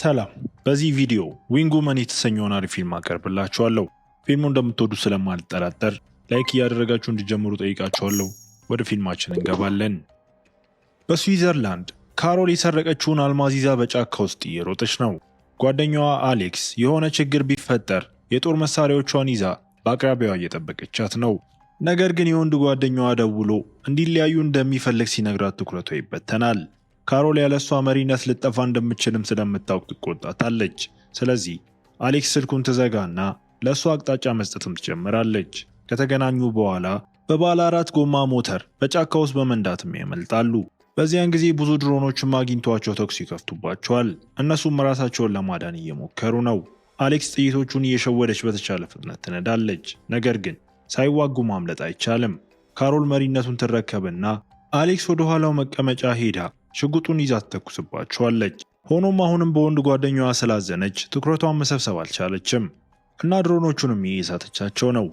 ሰላም። በዚህ ቪዲዮ ዊንግ ውመን የተሰኘውን አሪፍ ፊልም አቀርብላችኋለሁ። ፊልሙ እንደምትወዱ ስለማልጠራጠር ላይክ እያደረጋችሁ እንዲጀምሩ ጠይቃችኋለሁ። ወደ ፊልማችን እንገባለን። በስዊዘርላንድ ካሮል የሰረቀችውን አልማዝ ይዛ በጫካ ውስጥ እየሮጠች ነው። ጓደኛዋ አሌክስ የሆነ ችግር ቢፈጠር የጦር መሳሪያዎቿን ይዛ በአቅራቢያዋ እየጠበቀቻት ነው። ነገር ግን የወንድ ጓደኛዋ ደውሎ እንዲለያዩ እንደሚፈልግ ሲነግራት ትኩረቷ ይበተናል። ካሮል ያለሷ መሪነት ልጠፋ እንደምችልም ስለምታውቅ ትቆጣታለች። ስለዚህ አሌክስ ስልኩን ትዘጋና ለእሷ አቅጣጫ መስጠትም ትጀምራለች። ከተገናኙ በኋላ በባለ አራት ጎማ ሞተር በጫካ ውስጥ በመንዳትም ያመልጣሉ። በዚያን ጊዜ ብዙ ድሮኖችም አግኝቷቸው ተኩስ ይከፍቱባቸዋል። እነሱም ራሳቸውን ለማዳን እየሞከሩ ነው። አሌክስ ጥይቶቹን እየሸወደች በተቻለ ፍጥነት ትነዳለች። ነገር ግን ሳይዋጉ ማምለጥ አይቻልም። ካሮል መሪነቱን ትረከብና አሌክስ ወደ ኋላው መቀመጫ ሄዳ ሽጉጡን ይዛ ትተኩስባቸዋለች። ሆኖም አሁንም በወንድ ጓደኛዋ ስላዘነች ትኩረቷን መሰብሰብ አልቻለችም እና ድሮኖቹንም እየሳተቻቸው ነው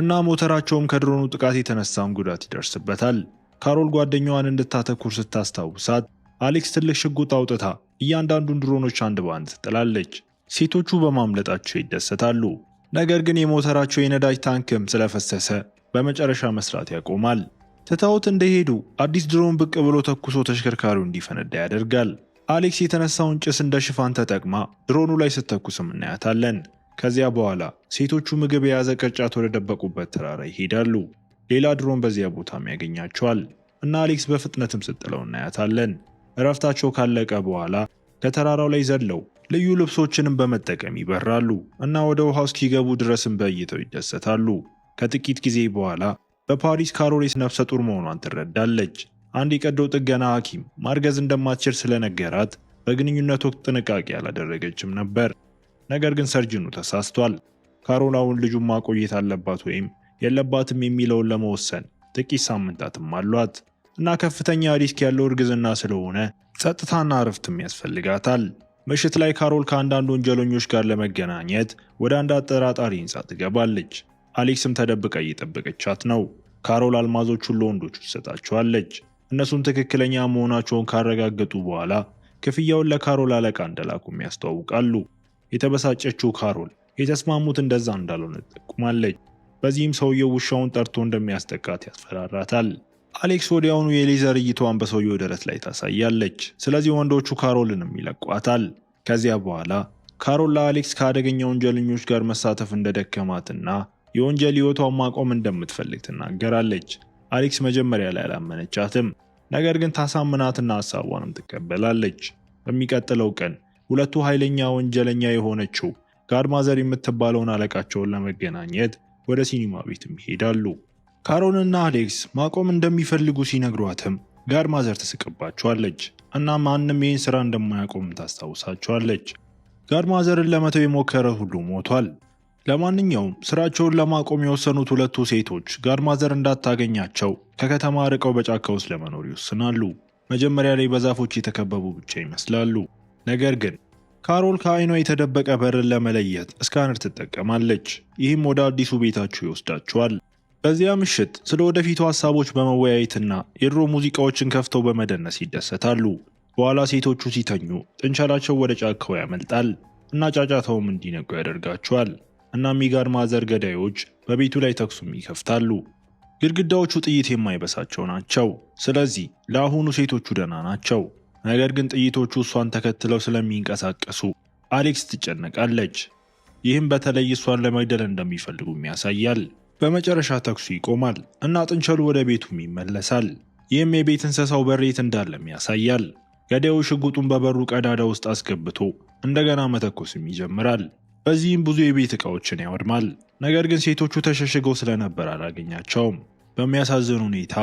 እና ሞተራቸውም ከድሮኑ ጥቃት የተነሳም ጉዳት ይደርስበታል። ካሮል ጓደኛዋን እንድታተኩር ስታስታውሳት አሌክስ ትልቅ ሽጉጥ አውጥታ እያንዳንዱን ድሮኖች አንድ በአንድ ትጥላለች። ሴቶቹ በማምለጣቸው ይደሰታሉ። ነገር ግን የሞተራቸው የነዳጅ ታንክም ስለፈሰሰ በመጨረሻ መስራት ያቆማል። ትተውት እንደሄዱ አዲስ ድሮን ብቅ ብሎ ተኩሶ ተሽከርካሪው እንዲፈነዳ ያደርጋል። አሌክስ የተነሳውን ጭስ እንደ ሽፋን ተጠቅማ ድሮኑ ላይ ስትተኩስም እናያታለን። ከዚያ በኋላ ሴቶቹ ምግብ የያዘ ቅርጫት ወደ ደበቁበት ተራራ ይሄዳሉ። ሌላ ድሮን በዚያ ቦታም ያገኛቸዋል እና አሌክስ በፍጥነትም ስጥለው እናያታለን። እረፍታቸው ካለቀ በኋላ ከተራራው ላይ ዘለው ልዩ ልብሶችንም በመጠቀም ይበራሉ እና ወደ ውሃ እስኪገቡ ድረስም በእይተው ይደሰታሉ። ከጥቂት ጊዜ በኋላ በፓሪስ ካሮሌስ ነፍሰ ጡር መሆኗን ትረዳለች። አንድ የቀዶ ጥገና ሐኪም ማርገዝ እንደማትችል ስለነገራት በግንኙነት ወቅት ጥንቃቄ አላደረገችም ነበር። ነገር ግን ሰርጅኑ ተሳስቷል። ካሮል አሁን ልጁን ማቆየት አለባት ወይም የለባትም የሚለውን ለመወሰን ጥቂት ሳምንታትም አሏት እና ከፍተኛ ሪስክ ያለው እርግዝና ስለሆነ ጸጥታና እረፍትም ያስፈልጋታል። ምሽት ላይ ካሮል ከአንዳንድ ወንጀለኞች ጋር ለመገናኘት ወደ አንድ አጠራጣሪ ህንፃ ትገባለች። አሌክስም ተደብቃ እየጠበቀቻት ነው። ካሮል አልማዞቹን ለወንዶቹ ትሰጣቸዋለች። እነሱም ትክክለኛ መሆናቸውን ካረጋገጡ በኋላ ክፍያውን ለካሮል አለቃ እንደላኩም ያስተዋውቃሉ። የተበሳጨችው ካሮል የተስማሙት እንደዛ እንዳልሆነ ትጠቁማለች። በዚህም ሰውየው ውሻውን ጠርቶ እንደሚያስጠቃት ያስፈራራታል። አሌክስ ወዲያውኑ የሌዘር እይታዋን በሰውየው ደረት ላይ ታሳያለች። ስለዚህ ወንዶቹ ካሮልንም ይለቋታል። ከዚያ በኋላ ካሮል ለአሌክስ ከአደገኛ ወንጀለኞች ጋር መሳተፍ እንደደከማትና የወንጀል ህይወቷን ማቆም እንደምትፈልግ ትናገራለች። አሌክስ መጀመሪያ ላይ አላመነቻትም፣ ነገር ግን ታሳምናትና ሀሳቧንም ትቀበላለች። በሚቀጥለው ቀን ሁለቱ ኃይለኛ ወንጀለኛ የሆነችው ጋድማዘር የምትባለውን አለቃቸውን ለመገናኘት ወደ ሲኒማ ቤትም ይሄዳሉ። ካሮንና አሌክስ ማቆም እንደሚፈልጉ ሲነግሯትም ጋድማዘር ትስቅባቸዋለች እና ማንም ይህን ስራ እንደማያቆም ታስታውሳቸዋለች። ጋድማዘርን ለመተው የሞከረ ሁሉ ሞቷል። ለማንኛውም ስራቸውን ለማቆም የወሰኑት ሁለቱ ሴቶች ጋድማዘር እንዳታገኛቸው ከከተማ ርቀው በጫካ ውስጥ ለመኖር ይወስናሉ። መጀመሪያ ላይ በዛፎች የተከበቡ ብቻ ይመስላሉ። ነገር ግን ካሮል ከአይኗ የተደበቀ በርን ለመለየት እስካነር ትጠቀማለች። ይህም ወደ አዲሱ ቤታችሁ ይወስዳችኋል። በዚያ ምሽት ስለ ወደፊቱ ሀሳቦች በመወያየትና የድሮ ሙዚቃዎችን ከፍተው በመደነስ ይደሰታሉ። በኋላ ሴቶቹ ሲተኙ ጥንቸላቸው ወደ ጫካው ያመልጣል እና ጫጫታውም እንዲነቁ ያደርጋቸዋል። እና የጋን ማዘር ገዳዮች በቤቱ ላይ ተኩሱም ይከፍታሉ። ግድግዳዎቹ ጥይት የማይበሳቸው ናቸው። ስለዚህ ለአሁኑ ሴቶቹ ደህና ናቸው። ነገር ግን ጥይቶቹ እሷን ተከትለው ስለሚንቀሳቀሱ አሌክስ ትጨነቃለች። ይህም በተለይ እሷን ለመግደል እንደሚፈልጉም ያሳያል። በመጨረሻ ተኩሱ ይቆማል እና ጥንቸሉ ወደ ቤቱም ይመለሳል። ይህም የቤት እንስሳው በሬት እንዳለም ያሳያል። ገዳዩ ሽጉጡን በበሩ ቀዳዳ ውስጥ አስገብቶ እንደገና መተኮስም ይጀምራል። በዚህም ብዙ የቤት ዕቃዎችን ያወድማል። ነገር ግን ሴቶቹ ተሸሽገው ስለነበር አላገኛቸውም። በሚያሳዝን ሁኔታ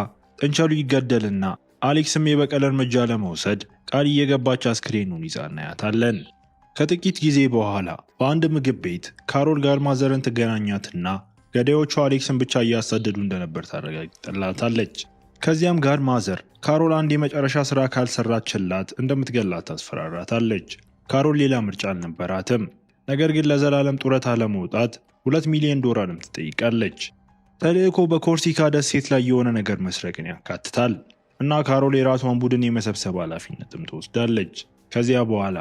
ጥንቸሉ ይገደልና አሌክስም የበቀል እርምጃ ለመውሰድ ቃል እየገባች አስክሬኑን ይዛ እናያታለን። ከጥቂት ጊዜ በኋላ በአንድ ምግብ ቤት ካሮል ጋር ማዘርን ትገናኛትና ገዳዮቹ አሌክስን ብቻ እያሳደዱ እንደነበር ታረጋግጥላታለች። ከዚያም ጋር ማዘር ካሮል አንድ የመጨረሻ ስራ ካልሰራችላት እንደምትገላት ታስፈራራታለች። ካሮል ሌላ ምርጫ አልነበራትም። ነገር ግን ለዘላለም ጡረታ ለመውጣት 2 ሚሊዮን ዶላርም ትጠይቃለች። ተልእኮ በኮርሲካ ደሴት ላይ የሆነ ነገር መስረቅን ያካትታል እና ካሮል የራሷን ቡድን የመሰብሰብ ኃላፊነትም ትወስዳለች። ከዚያ በኋላ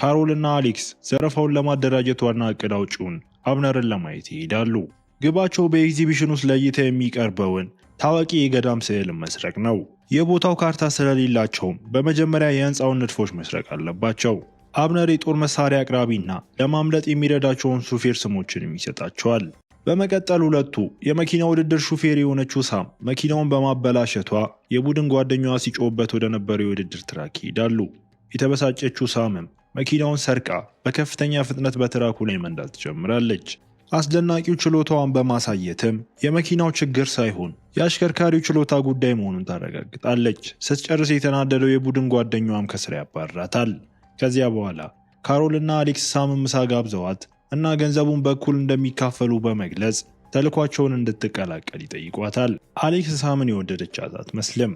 ካሮል እና አሌክስ ዘረፋውን ለማደራጀት ዋና እቅድ አውጪውን አብነርን ለማየት ይሄዳሉ። ግባቸው በኤግዚቢሽን ውስጥ ለእይታ የሚቀርበውን ታዋቂ የገዳም ስዕልን መስረቅ ነው። የቦታው ካርታ ስለሌላቸውም በመጀመሪያ የህንፃውን ንድፎች መስረቅ አለባቸው። አብነር የጦር መሳሪያ አቅራቢና ለማምለጥ የሚረዳቸውን ሹፌር ስሞችንም ይሰጣቸዋል። በመቀጠል ሁለቱ የመኪና ውድድር ሹፌር የሆነችው ሳም መኪናውን በማበላሸቷ የቡድን ጓደኛዋ ሲጮውበት ወደ ነበረው የውድድር ትራክ ይሄዳሉ። የተበሳጨችው ሳምም መኪናውን ሰርቃ በከፍተኛ ፍጥነት በትራኩ ላይ መንዳት ትጀምራለች። አስደናቂው ችሎታዋን በማሳየትም የመኪናው ችግር ሳይሆን የአሽከርካሪው ችሎታ ጉዳይ መሆኑን ታረጋግጣለች። ስትጨርስ የተናደደው የቡድን ጓደኛዋም ከስራ ያባራታል። ከዚያ በኋላ ካሮልና አሌክስ ሳምን ምሳ ጋብዘዋት እና ገንዘቡን በኩል እንደሚካፈሉ በመግለጽ ተልኳቸውን እንድትቀላቀል ይጠይቋታል። አሌክስ ሳምን የወደደቻት አትመስልም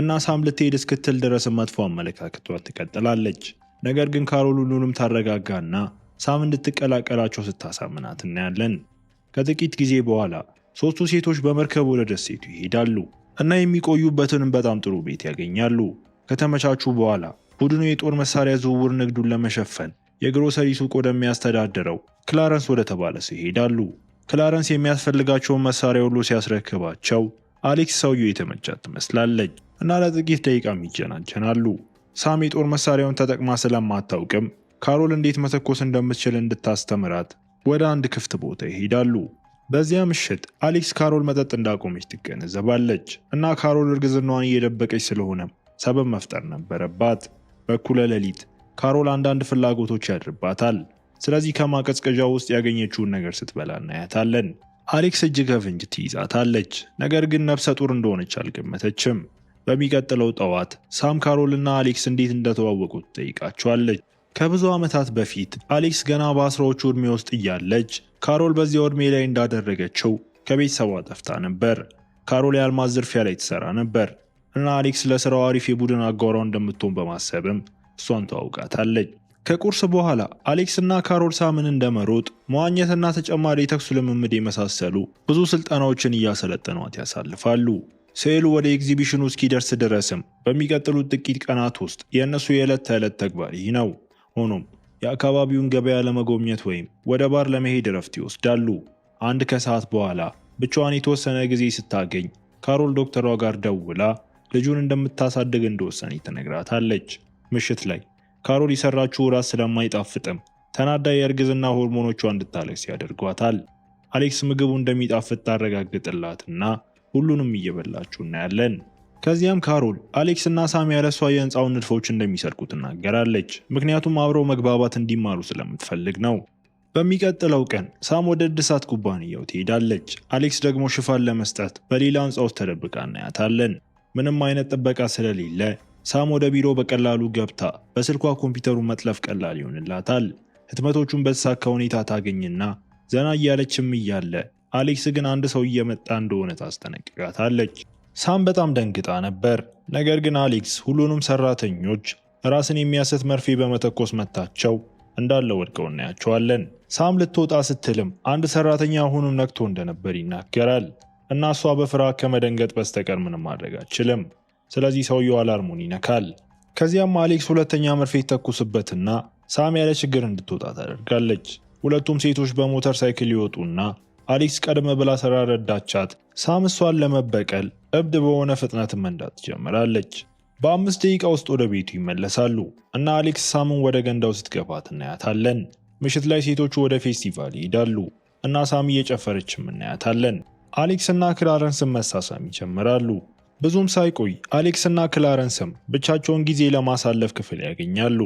እና ሳም ልትሄድ እስክትል ድረስ መጥፎ አመለካከቷን ትቀጥላለች። ነገር ግን ካሮል ሁሉንም ታረጋጋና ሳም እንድትቀላቀላቸው ስታሳምናት እናያለን። ከጥቂት ጊዜ በኋላ ሶስቱ ሴቶች በመርከብ ወደ ደሴቱ ይሄዳሉ እና የሚቆዩበትንም በጣም ጥሩ ቤት ያገኛሉ። ከተመቻቹ በኋላ ቡድኑ የጦር መሳሪያ ዝውውር ንግዱን ለመሸፈን የግሮሰሪ ሱቅ ወደሚያስተዳድረው ክላረንስ ወደ ተባለ ሲሄዳሉ። ክላረንስ የሚያስፈልጋቸውን መሳሪያ ሁሉ ሲያስረክባቸው አሌክስ ሰውየው የተመቻት ትመስላለች እና ለጥቂት ደቂቃም ይጀናጀናሉ። ሳም የጦር መሳሪያውን ተጠቅማ ስለማታውቅም ካሮል እንዴት መተኮስ እንደምትችል እንድታስተምራት ወደ አንድ ክፍት ቦታ ይሄዳሉ። በዚያ ምሽት አሌክስ ካሮል መጠጥ እንዳቆመች ትገነዘባለች እና ካሮል እርግዝናዋን እየደበቀች ስለሆነም ሰበብ መፍጠር ነበረባት። በኩለ ሌሊት ካሮል አንዳንድ ፍላጎቶች ያድርባታል። ስለዚህ ከማቀዝቀዣ ውስጥ ያገኘችውን ነገር ስትበላ እናያታለን። አሌክስ እጅ ከፍንጅ ትይዛታለች፣ ነገር ግን ነፍሰ ጡር እንደሆነች አልገመተችም። በሚቀጥለው ጠዋት ሳም ካሮልና አሌክስ እንዴት እንደተዋወቁ ትጠይቃቸዋለች። ከብዙ ዓመታት በፊት አሌክስ ገና በአስራዎቹ ዕድሜ ውስጥ እያለች ካሮል በዚያው ዕድሜ ላይ እንዳደረገችው ከቤተሰቧ ጠፍታ ነበር። ካሮል የአልማዝ ዝርፊያ ላይ ትሰራ ነበር። እና አሌክስ ለስራው አሪፍ የቡድን አጋሯ እንደምትሆን በማሰብም እሷን ተዋውቃታለች። ከቁርስ በኋላ አሌክስ እና ካሮል ሳምን እንደመሮጥ መዋኘትና ተጨማሪ የተኩስ ልምምድ የመሳሰሉ ብዙ ስልጠናዎችን እያሰለጠኗት ያሳልፋሉ። ስዕሉ ወደ ኤግዚቢሽኑ እስኪደርስ ድረስም በሚቀጥሉት ጥቂት ቀናት ውስጥ የእነሱ የዕለት ተዕለት ተግባር ይህ ነው። ሆኖም የአካባቢውን ገበያ ለመጎብኘት ወይም ወደ ባር ለመሄድ እረፍት ይወስዳሉ። አንድ ከሰዓት በኋላ ብቻዋን የተወሰነ ጊዜ ስታገኝ ካሮል ዶክተሯ ጋር ደውላ ልጁን እንደምታሳድግ እንደወሰነ ትነግራታለች። ምሽት ላይ ካሮል የሰራችው ራስ ስለማይጣፍጥም ተናዳ የእርግዝና ሆርሞኖቿ እንድታለቅስ ያደርጓታል። አሌክስ ምግቡ እንደሚጣፍጥ ታረጋግጥላትና ሁሉንም እየበላችሁ እናያለን። ከዚያም ካሮል አሌክስ እና ሳሚ ያለሷ የህንፃውን ንድፎች እንደሚሰርቁ ትናገራለች። ምክንያቱም አብረው መግባባት እንዲማሩ ስለምትፈልግ ነው። በሚቀጥለው ቀን ሳም ወደ እድሳት ኩባንያው ትሄዳለች። አሌክስ ደግሞ ሽፋን ለመስጠት በሌላ ህንፃ ውስጥ ተደብቃ እናያታለን። ምንም አይነት ጥበቃ ስለሌለ ሳም ወደ ቢሮ በቀላሉ ገብታ በስልኳ ኮምፒውተሩን መጥለፍ ቀላል ይሆንላታል። ህትመቶቹን በተሳካ ሁኔታ ታገኝና ዘና እያለችም እያለ አሌክስ ግን አንድ ሰው እየመጣ እንደሆነ ታስጠነቅቃታለች። ሳም በጣም ደንግጣ ነበር። ነገር ግን አሌክስ ሁሉንም ሰራተኞች ራስን የሚያሰት መርፌ በመተኮስ መታቸው እንዳለ ወድቀው እናያቸዋለን። ሳም ልትወጣ ስትልም አንድ ሰራተኛ አሁንም ነቅቶ እንደነበር ይናገራል። እና እሷ በፍርሃት ከመደንገጥ በስተቀር ምንም ማድረግ አችልም። ስለዚህ ሰውየው አላርሙን ይነካል። ከዚያም አሌክስ ሁለተኛ መርፌ ተኩስበትና ሳም ያለ ችግር እንድትወጣ ታደርጋለች። ሁለቱም ሴቶች በሞተር ሳይክል ይወጡና አሌክስ ቀድመ ብላ ስራ ረዳቻት። ሳም እሷን ለመበቀል እብድ በሆነ ፍጥነት መንዳት ትጀምራለች። በአምስት ደቂቃ ውስጥ ወደ ቤቱ ይመለሳሉ እና አሌክስ ሳምን ወደ ገንዳው ስትገፋት እናያታለን። ምሽት ላይ ሴቶቹ ወደ ፌስቲቫል ይሄዳሉ እና ሳም እየጨፈረችም እናያታለን። አሌክስና ክላረንስም መሳሳም ይጀምራሉ። ብዙም ሳይቆይ አሌክስና ክላረንስም ብቻቸውን ጊዜ ለማሳለፍ ክፍል ያገኛሉ።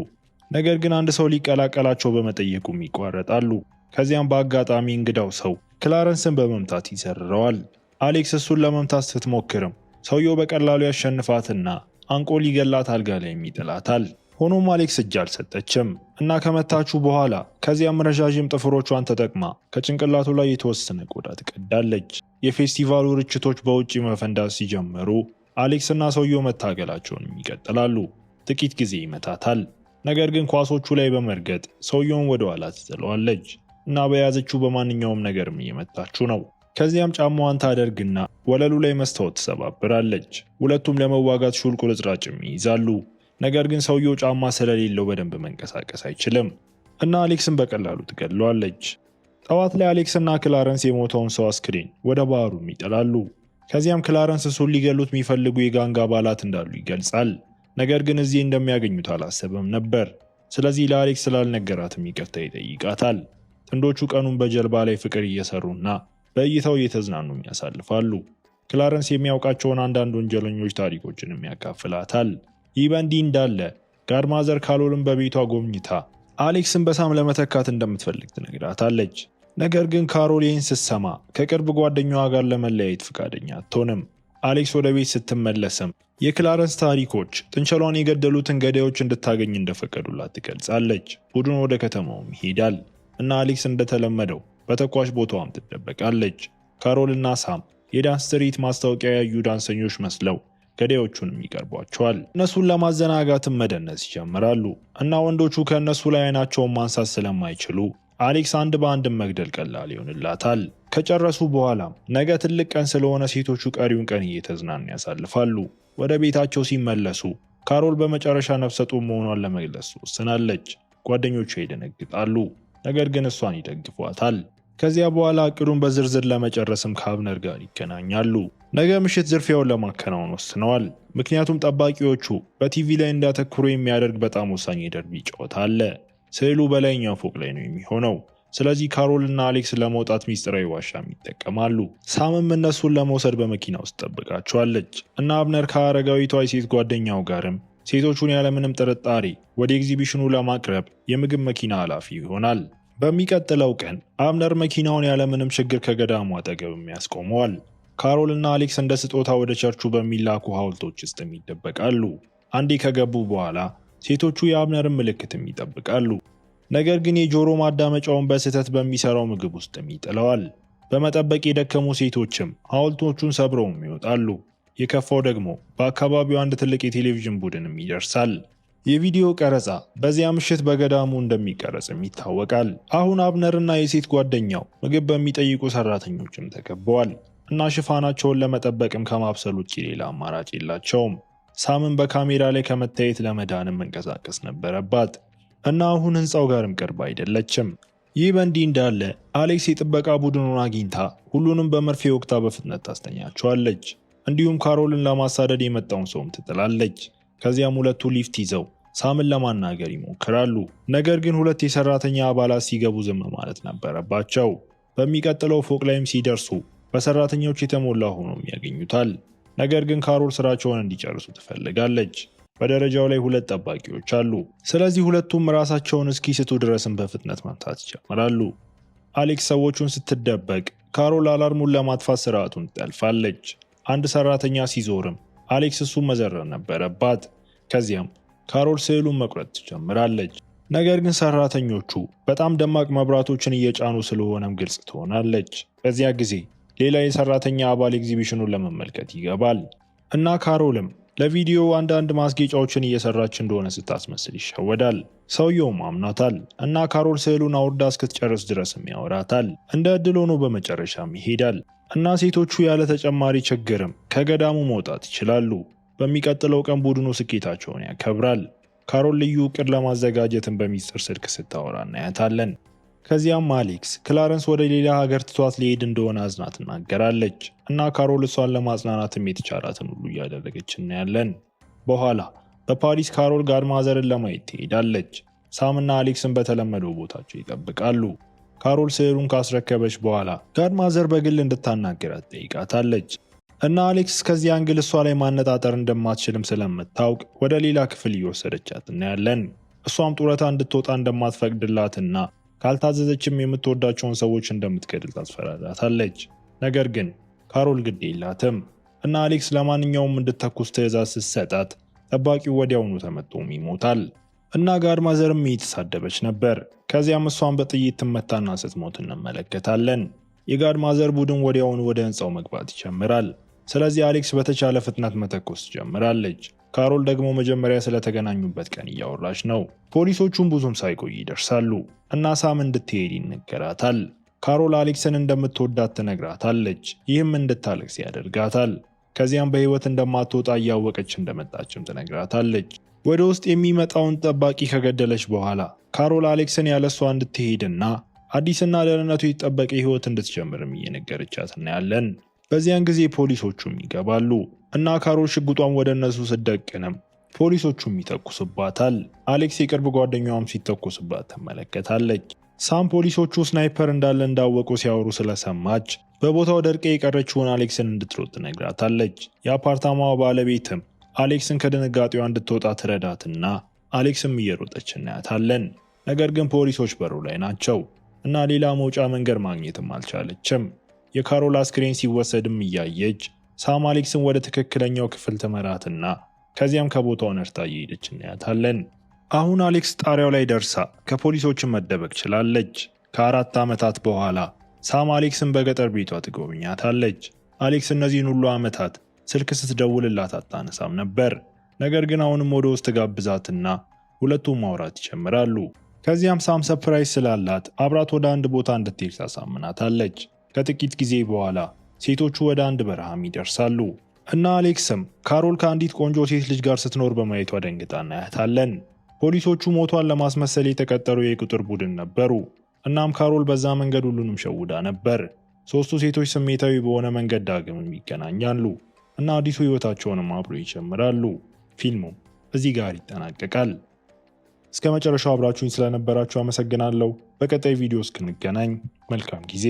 ነገር ግን አንድ ሰው ሊቀላቀላቸው በመጠየቁም ይቋረጣሉ። ከዚያም በአጋጣሚ እንግዳው ሰው ክላረንስን በመምታት ይሰርረዋል። አሌክስ እሱን ለመምታት ስትሞክርም ሰውየው በቀላሉ ያሸንፋትና አንቆ ሊገላት አልጋ ላይም ይጥላታል። ሆኖም አሌክስ እጅ አልሰጠችም እና ከመታችሁ በኋላ ከዚያም ረዣዥም ጥፍሮቿን ተጠቅማ ከጭንቅላቱ ላይ የተወሰነ ቆዳ ትቀዳለች። የፌስቲቫሉ ርችቶች በውጭ መፈንዳት ሲጀምሩ አሌክስና ሰውየው መታገላቸውን ይቀጥላሉ። ጥቂት ጊዜ ይመታታል፣ ነገር ግን ኳሶቹ ላይ በመርገጥ ሰውየውን ወደ ኋላ ትጥለዋለች እና በያዘችው በማንኛውም ነገርም እየመታችው ነው። ከዚያም ጫማዋን ታደርግና ወለሉ ላይ መስታወት ትሰባብራለች። ሁለቱም ለመዋጋት ሹል ቁርጥራጭም ይይዛሉ፣ ነገር ግን ሰውየው ጫማ ስለሌለው በደንብ መንቀሳቀስ አይችልም እና አሌክስን በቀላሉ ትገድለዋለች። ጠዋት ላይ አሌክስ እና ክላረንስ የሞተውን ሰው አስክሬን ወደ ባህሩም ይጥላሉ። ከዚያም ክላረንስ እሱን ሊገሉት የሚፈልጉ የጋንግ አባላት እንዳሉ ይገልጻል። ነገር ግን እዚህ እንደሚያገኙት አላሰበም ነበር። ስለዚህ ለአሌክስ ስላልነገራትም ይቅርታ ይጠይቃታል። ጥንዶቹ ቀኑን በጀልባ ላይ ፍቅር እየሰሩና በእይታው እየተዝናኑ ያሳልፋሉ። ክላረንስ የሚያውቃቸውን አንዳንድ ወንጀለኞች ታሪኮችንም ያካፍላታል። ይህ በእንዲህ እንዳለ ጋድማዘር ካሎልን በቤቷ ጎብኝታ አሌክስን በሳም ለመተካት እንደምትፈልግ ትነግራታለች። ነገር ግን ካሮል ስትሰማ ከቅርብ ጓደኛዋ ጋር ለመለያየት ፈቃደኛ አትሆንም። አሌክስ ወደ ቤት ስትመለስም የክላረንስ ታሪኮች ጥንቸሏን የገደሉትን ገዳዮች እንድታገኝ እንደፈቀዱላት ትገልጻለች። ቡድን ወደ ከተማውም ይሄዳል እና አሌክስ እንደተለመደው በተኳሽ ቦታዋም ትደበቃለች። ካሮልና ሳም የዳንስ ትርኢት ማስታወቂያ ያዩ ዳንሰኞች መስለው ገዳዮቹንም ይቀርቧቸዋል። እነሱን ለማዘናጋትም መደነስ ይጀምራሉ እና ወንዶቹ ከእነሱ ላይ አይናቸውን ማንሳት ስለማይችሉ አሌክስ አንድ በአንድን መግደል ቀላል ይሆንላታል። ከጨረሱ በኋላም ነገ ትልቅ ቀን ስለሆነ ሴቶቹ ቀሪውን ቀን እየተዝናኑ ያሳልፋሉ። ወደ ቤታቸው ሲመለሱ ካሮል በመጨረሻ ነፍሰ መሆኗን ለመግለጽ ትወስናለች። ጓደኞቿ ይደነግጣሉ፣ ነገር ግን እሷን ይደግፏታል። ከዚያ በኋላ እቅዱን በዝርዝር ለመጨረስም ከአብነር ጋር ይገናኛሉ። ነገ ምሽት ዝርፊያውን ለማከናወን ወስነዋል። ምክንያቱም ጠባቂዎቹ በቲቪ ላይ እንዳተኩሩ የሚያደርግ በጣም ወሳኝ የደርቢ ጨዋታ አለ። ስዕሉ በላይኛው ፎቅ ላይ ነው የሚሆነው። ስለዚህ ካሮል እና አሌክስ ለመውጣት ሚስጥራዊ ዋሻም ይጠቀማሉ። ሳምም እነሱን ለመውሰድ በመኪና ውስጥ ጠብቃቸዋለች እና አብነር ከአረጋዊቷ የሴት ጓደኛው ጋርም ሴቶቹን ያለምንም ጥርጣሬ ወደ ኤግዚቢሽኑ ለማቅረብ የምግብ መኪና ኃላፊ ይሆናል። በሚቀጥለው ቀን አብነር መኪናውን ያለምንም ችግር ከገዳሙ አጠገብም ያስቆመዋል። ካሮል እና አሌክስ እንደ ስጦታ ወደ ቸርቹ በሚላኩ ሐውልቶች ውስጥም ይደበቃሉ። አንዴ ከገቡ በኋላ ሴቶቹ የአብነርን ምልክትም ይጠብቃሉ። ነገር ግን የጆሮ ማዳመጫውን በስህተት በሚሰራው ምግብ ውስጥም ይጥለዋል። በመጠበቅ የደከሙ ሴቶችም ሐውልቶቹን ሰብረውም ይወጣሉ። የከፋው ደግሞ በአካባቢው አንድ ትልቅ የቴሌቪዥን ቡድንም ይደርሳል። የቪዲዮ ቀረጻ በዚያ ምሽት በገዳሙ እንደሚቀረጽም ይታወቃል። አሁን አብነርና የሴት ጓደኛው ምግብ በሚጠይቁ ሰራተኞችም ተከበዋል እና ሽፋናቸውን ለመጠበቅም ከማብሰል ውጭ ሌላ አማራጭ የላቸውም። ሳምን በካሜራ ላይ ከመታየት ለመዳንም መንቀሳቀስ ነበረባት እና አሁን ህንፃው ጋርም ቅርብ አይደለችም። ይህ በእንዲህ እንዳለ አሌክስ የጥበቃ ቡድኑን አግኝታ ሁሉንም በመርፌ ወቅታ በፍጥነት ታስተኛቸዋለች። እንዲሁም ካሮልን ለማሳደድ የመጣውን ሰውም ትጥላለች። ከዚያም ሁለቱ ሊፍት ይዘው ሳምን ለማናገር ይሞክራሉ። ነገር ግን ሁለት የሰራተኛ አባላት ሲገቡ ዝም ማለት ነበረባቸው። በሚቀጥለው ፎቅ ላይም ሲደርሱ በሰራተኞች የተሞላ ሆኖም ያገኙታል። ነገር ግን ካሮል ስራቸውን እንዲጨርሱ ትፈልጋለች። በደረጃው ላይ ሁለት ጠባቂዎች አሉ። ስለዚህ ሁለቱም ራሳቸውን እስኪስቱ ድረስን በፍጥነት መምታት ይጀምራሉ። አሌክስ ሰዎቹን ስትደበቅ፣ ካሮል አላርሙን ለማጥፋት ስርዓቱን ትጠልፋለች። አንድ ሰራተኛ ሲዞርም አሌክስ እሱን መዘረር ነበረባት። ከዚያም ካሮል ስዕሉን መቁረጥ ትጀምራለች። ነገር ግን ሰራተኞቹ በጣም ደማቅ መብራቶችን እየጫኑ ስለሆነም ግልጽ ትሆናለች። በዚያ ጊዜ ሌላ የሰራተኛ አባል ኤግዚቢሽኑን ለመመልከት ይገባል እና ካሮልም ለቪዲዮ አንዳንድ ማስጌጫዎችን እየሰራች እንደሆነ ስታስመስል ይሸወዳል። ሰውየውም አምኗታል እና ካሮል ስዕሉን አውርዳ እስክትጨርስ ድረስም ያወራታል። እንደ እድል ሆኖ በመጨረሻም ይሄዳል እና ሴቶቹ ያለ ተጨማሪ ችግርም ከገዳሙ መውጣት ይችላሉ። በሚቀጥለው ቀን ቡድኑ ስኬታቸውን ያከብራል። ካሮል ልዩ ዕቅድ ለማዘጋጀትን በሚስጥር ስልክ ስታወራ እናያታለን። ከዚያም አሌክስ ክላረንስ ወደ ሌላ ሀገር ትቷት ሊሄድ እንደሆነ አዝና ትናገራለች እና ካሮል እሷን ለማጽናናትም የተቻላትን ሁሉ እያደረገች እናያለን። በኋላ በፓሪስ ካሮል ጋድማዘርን ለማየት ትሄዳለች። ሳምና አሌክስን በተለመደው ቦታቸው ይጠብቃሉ። ካሮል ስዕሉን ካስረከበች በኋላ ጋድማዘር በግል እንድታናገራት ጠይቃታለች እና አሌክስ ከዚህ አንግል እሷ ላይ ማነጣጠር እንደማትችልም ስለምታውቅ ወደ ሌላ ክፍል እየወሰደቻት እናያለን። እሷም ጡረታ እንድትወጣ እንደማትፈቅድላትና ካልታዘዘችም የምትወዳቸውን ሰዎች እንደምትገድል ታስፈራራታለች። ነገር ግን ካሮል ግድ የላትም እና አሌክስ ለማንኛውም እንድተኩስ ትዕዛዝ ስትሰጣት ጠባቂው ወዲያውኑ ተመቶም ይሞታል እና ጋድማዘርም እየተሳደበች ነበር። ከዚያም እሷን በጥይት ትመታና ስትሞት እንመለከታለን። የጋድማዘር ቡድን ወዲያውኑ ወደ ህንፃው መግባት ይጀምራል። ስለዚህ አሌክስ በተቻለ ፍጥነት መተኮስ ትጀምራለች። ካሮል ደግሞ መጀመሪያ ስለተገናኙበት ቀን እያወራች ነው። ፖሊሶቹም ብዙም ሳይቆይ ይደርሳሉ እና ሳም እንድትሄድ ይነገራታል። ካሮል አሌክስን እንደምትወዳት ትነግራታለች። ይህም እንድታለቅስ ያደርጋታል። ከዚያም በህይወት እንደማትወጣ እያወቀች እንደመጣችም ትነግራታለች። ወደ ውስጥ የሚመጣውን ጠባቂ ከገደለች በኋላ ካሮል አሌክስን ያለሷ እንድትሄድና አዲስና ደህንነቱ የተጠበቀ ህይወት እንድትጀምርም እየነገረቻት እናያለን። በዚያን ጊዜ ፖሊሶቹም ይገባሉ። እና ካሮል ሽጉጧን ወደ እነሱ ስደቅንም ፖሊሶቹም ይተኩስባታል። አሌክስ የቅርብ ጓደኛዋም ሲተኩስባት ትመለከታለች። ሳም ፖሊሶቹ ስናይፐር እንዳለ እንዳወቁ ሲያወሩ ስለሰማች በቦታው ደርቀ የቀረችውን አሌክስን እንድትሮጥ ትነግራታለች። የአፓርታማዋ ባለቤትም አሌክስን ከድንጋጤዋ እንድትወጣ ትረዳትና አሌክስም እየሮጠች እናያታለን። ነገር ግን ፖሊሶች በሩ ላይ ናቸው እና ሌላ መውጫ መንገድ ማግኘትም አልቻለችም። የካሮል አስክሬን ሲወሰድም እያየች ሳም ወደ ትክክለኛው ክፍል ትመራትና ከዚያም ከቦታው ነርታ እየሄደች እናያታለን። አሁን አሌክስ ጣሪያው ላይ ደርሳ ከፖሊሶችን መደበቅ ችላለች። ከአራት ዓመታት በኋላ ሳም አሌክስን በገጠር ቤቷ ትጎብኛታለች። አሌክስ እነዚህን ሁሉ ዓመታት ስልክ ስትደውልላት አታነሳም ነበር። ነገር ግን አሁንም ወደ ውስጥ ጋብዛትና ሁለቱም ማውራት ይጀምራሉ። ከዚያም ሳም ሰፕራይዝ ስላላት አብራት ወደ አንድ ቦታ እንድትሄድ ታሳምናታለች። ከጥቂት ጊዜ በኋላ ሴቶቹ ወደ አንድ በረሃም ይደርሳሉ እና አሌክስም ካሮል ከአንዲት ቆንጆ ሴት ልጅ ጋር ስትኖር በማየቷ ደንግጣ እናያታለን። ፖሊሶቹ ሞቷን ለማስመሰል የተቀጠሩ የቁጥር ቡድን ነበሩ። እናም ካሮል በዛ መንገድ ሁሉንም ሸውዳ ነበር። ሶስቱ ሴቶች ስሜታዊ በሆነ መንገድ ዳግምም ይገናኛሉ እና አዲሱ ህይወታቸውንም አብሮ ይጀምራሉ። ፊልሙም እዚህ ጋር ይጠናቀቃል። እስከ መጨረሻው አብራችሁኝ ስለነበራችሁ አመሰግናለሁ። በቀጣይ ቪዲዮ እስክንገናኝ መልካም ጊዜ